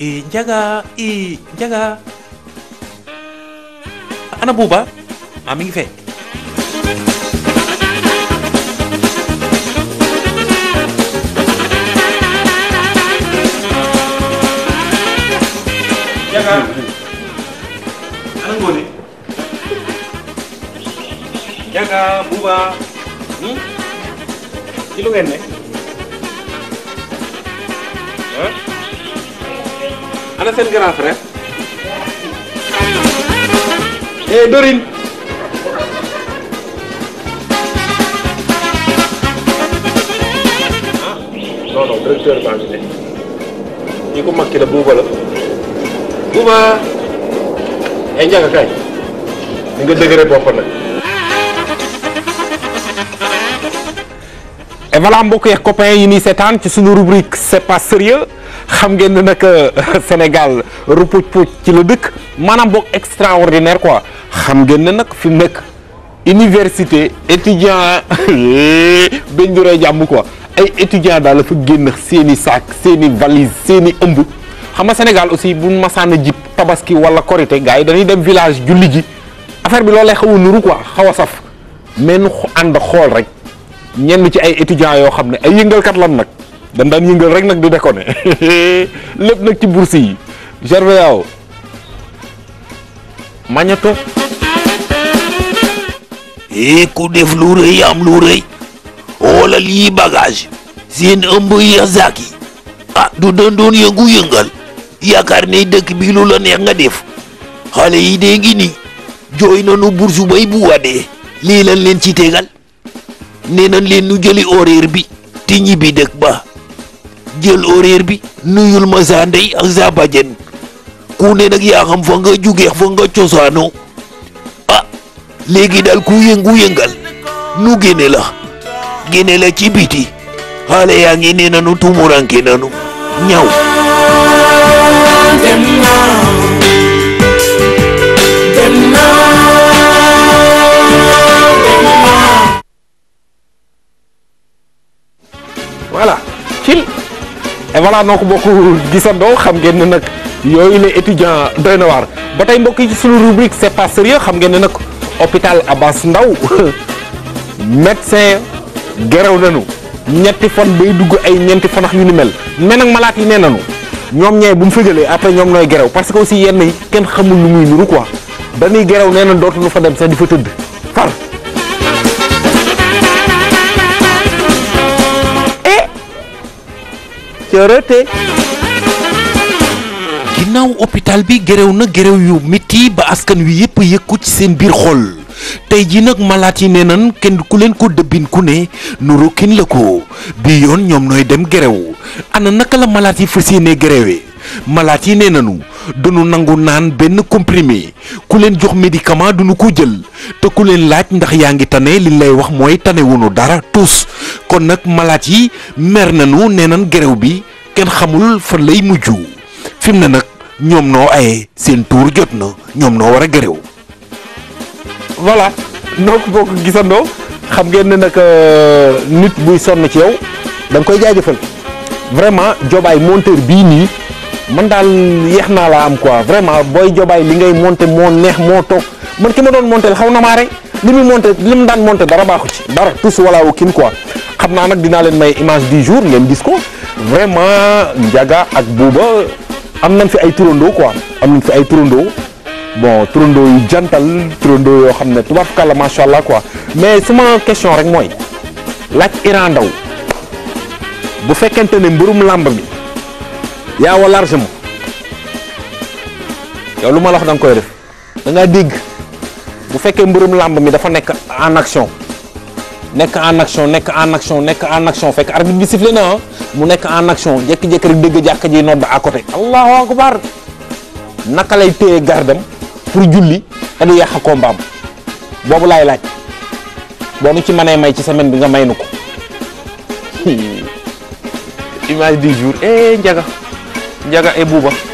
e njaga e, njaga ana buuba a ah, mi ngi fee njaga ana ngoone njaga buuba hmm? ci lu ngeen ne ana seen grand frère. eh Dorine. Ah, non non directeur baa ngi ne ñi ko mag la buuba la buuba ay kay ni nga dëgëre et voilà mbokk yeeg copains yi nii seetaan ci suñu rubrique c'est pas sérieux xam ngeen ne nag euh, Sénégal rupuj puuj ci la dëkk maanaam boog extraordinaire quoi xam ngeen ne nag fi mu nekk université étudiant bañ duree jàmm quoi ay étudiant daal la fa génn seeni saak sac seen i valise seen ëmb xam nga Sénégal aussi bu masaan a jib tabaski wala korité gars yi dañuy dem village julli ji affaire bi loolay xaw a nuru quoi xaw a saf mais nu ànd xool rek. ñenn ci ay étudiants yoo xam ne ay yëngalkat lan nag dañ daan yëngal rek nag di déconné lépp nag ci bourse yi gerveyao mañato eh ku def lu rëy am lu rëy wala lii bagage seen ëmb ya zaak ah du doon yëngu-yëngal yaakaar ne dëkk bi lu la neex nga def xale yi dee ngi nii jooy nanu bursu bay bu wadee lii lan leen ci tegal nee nañ leen nu jëli horaire bi te ñibbi dëkk ba jël horaire bi nuyul ma sa ndey ak sa bàjjen ku ne yaa xam fa nga jugeex fa nga cosaanoo ah léegi dal ku yëngu yëngal nu génne la génne la ci biti xaale yaa ngi nee nanu nanu ñaw tranquille et voilà noo ko bokk gisandoo xam ngeen ne nag yooyu les étudiants doy ba tey mbokk yi ci suñu rubrique c'est pas sérieux xam ngeen ne nag hôpital Abass Ndao médecin gerew nañu ñetti fan bay dugg ay ñeenti fanax yu ni mel mais nag malaat yi nee nañu ñoom ñee bu mu fëgalee après ñoom nooy gerew parce que aussi yenn kenn xamul lu muy nuru quoi dañuy gerew nee na dootuñu fa dem sax di fa tëdd sécurité ginnaaw hôpital bi géréw na géréw yu métti ba askan wi yëpp yëkku ci seen biir xol tey jii nag malaat yi nee nan kenn ku leen ko dëbbin ku ne nuru kin la ko bi yoon ñoom nooy dem géréw ana naka la malaat yi fas yéenee géréwee malaat yi nee nanu duñu nangu naan benn comprimé ku leen jox médicament duñu ko jël te ku leen laaj ndax yaa ngi tane li lay wax mooy tane dara tous kon nag malaat yi mer nañu nee nan gerew bi kenn xamul fan lay mujj fi mu ne nag ñoom noo aye seen tuur jot na ñoom noo war a gerew voilà noo ko bokk gisandoo xam ngeen ne nag euh, nit buy sonn ci yow da nga koy jaajëfal vraiment jobaay monteur bii nii man daal yeex naa laa am quoi vraiment booy jobaay li ngay monter moo neex moo toog man ki ma doon monté xaw na maa rey li mu monté li mu daan monté dara baaxu ci dara tous wala wu kin xam naa nag dinaa leen may image du jour ngeen gis ko vraiment Ndiaga ak Bouba am nañ fi ay turandoo quoi am nañ fi ay turandoo bon turandoo yu jantal turandoo yoo xam ne tubaarkalla macha allah quoi mais sama question rek mooy laaj Iran Ndaw bu fekkente ne mbirum làmb bi yaa largement yow lu ma la wax koy def da dégg. bu fekkee mbërum làmb mi dafa nekk en action nekk en action nekk en action nekk en action fekk arbitre bi sifflé na mu nekk en action jékki-jékki rek dégg jàkka ji nodd à côté allahu akbar naka lay téye gardam pour julli te du yàq kombaam boobu laay laaj boo nu ci mënee may ci semaine bi nga may nu ko image du jour eh njaga njaga e buuba